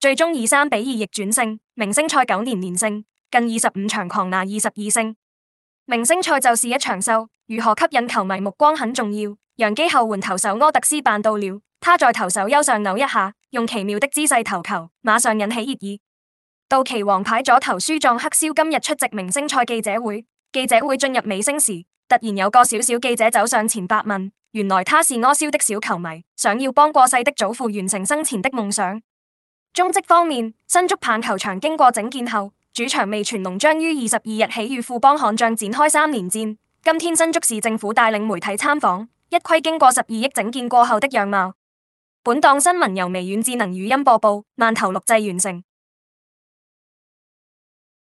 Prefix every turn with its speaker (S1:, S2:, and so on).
S1: 最終以三比二逆轉勝，明星賽九年連勝，近二十五場狂拿二十二勝。明星賽就是一場秀，如何吸引球迷目光很重要。洋基後援投手柯特斯辦到了，他在投手丘上扭一下，用奇妙的姿勢投球，馬上引起熱議。道奇王牌左投書狀，黑燒今日出席明星賽記者會。記者會進入尾聲時，突然有個小小記者走上前發問，原來他是柯蕭的小球迷，想要幫過世的祖父完成生前的夢想。中職方面，新竹棒球場經過整建後，主場味全龍將於二十二日起與富邦悍將展開三連戰。今天新竹市政府帶領媒體參訪，一窺經過十二億整建過後的樣貌。本檔新聞由微軟智能語音播報，慢頭錄製完成。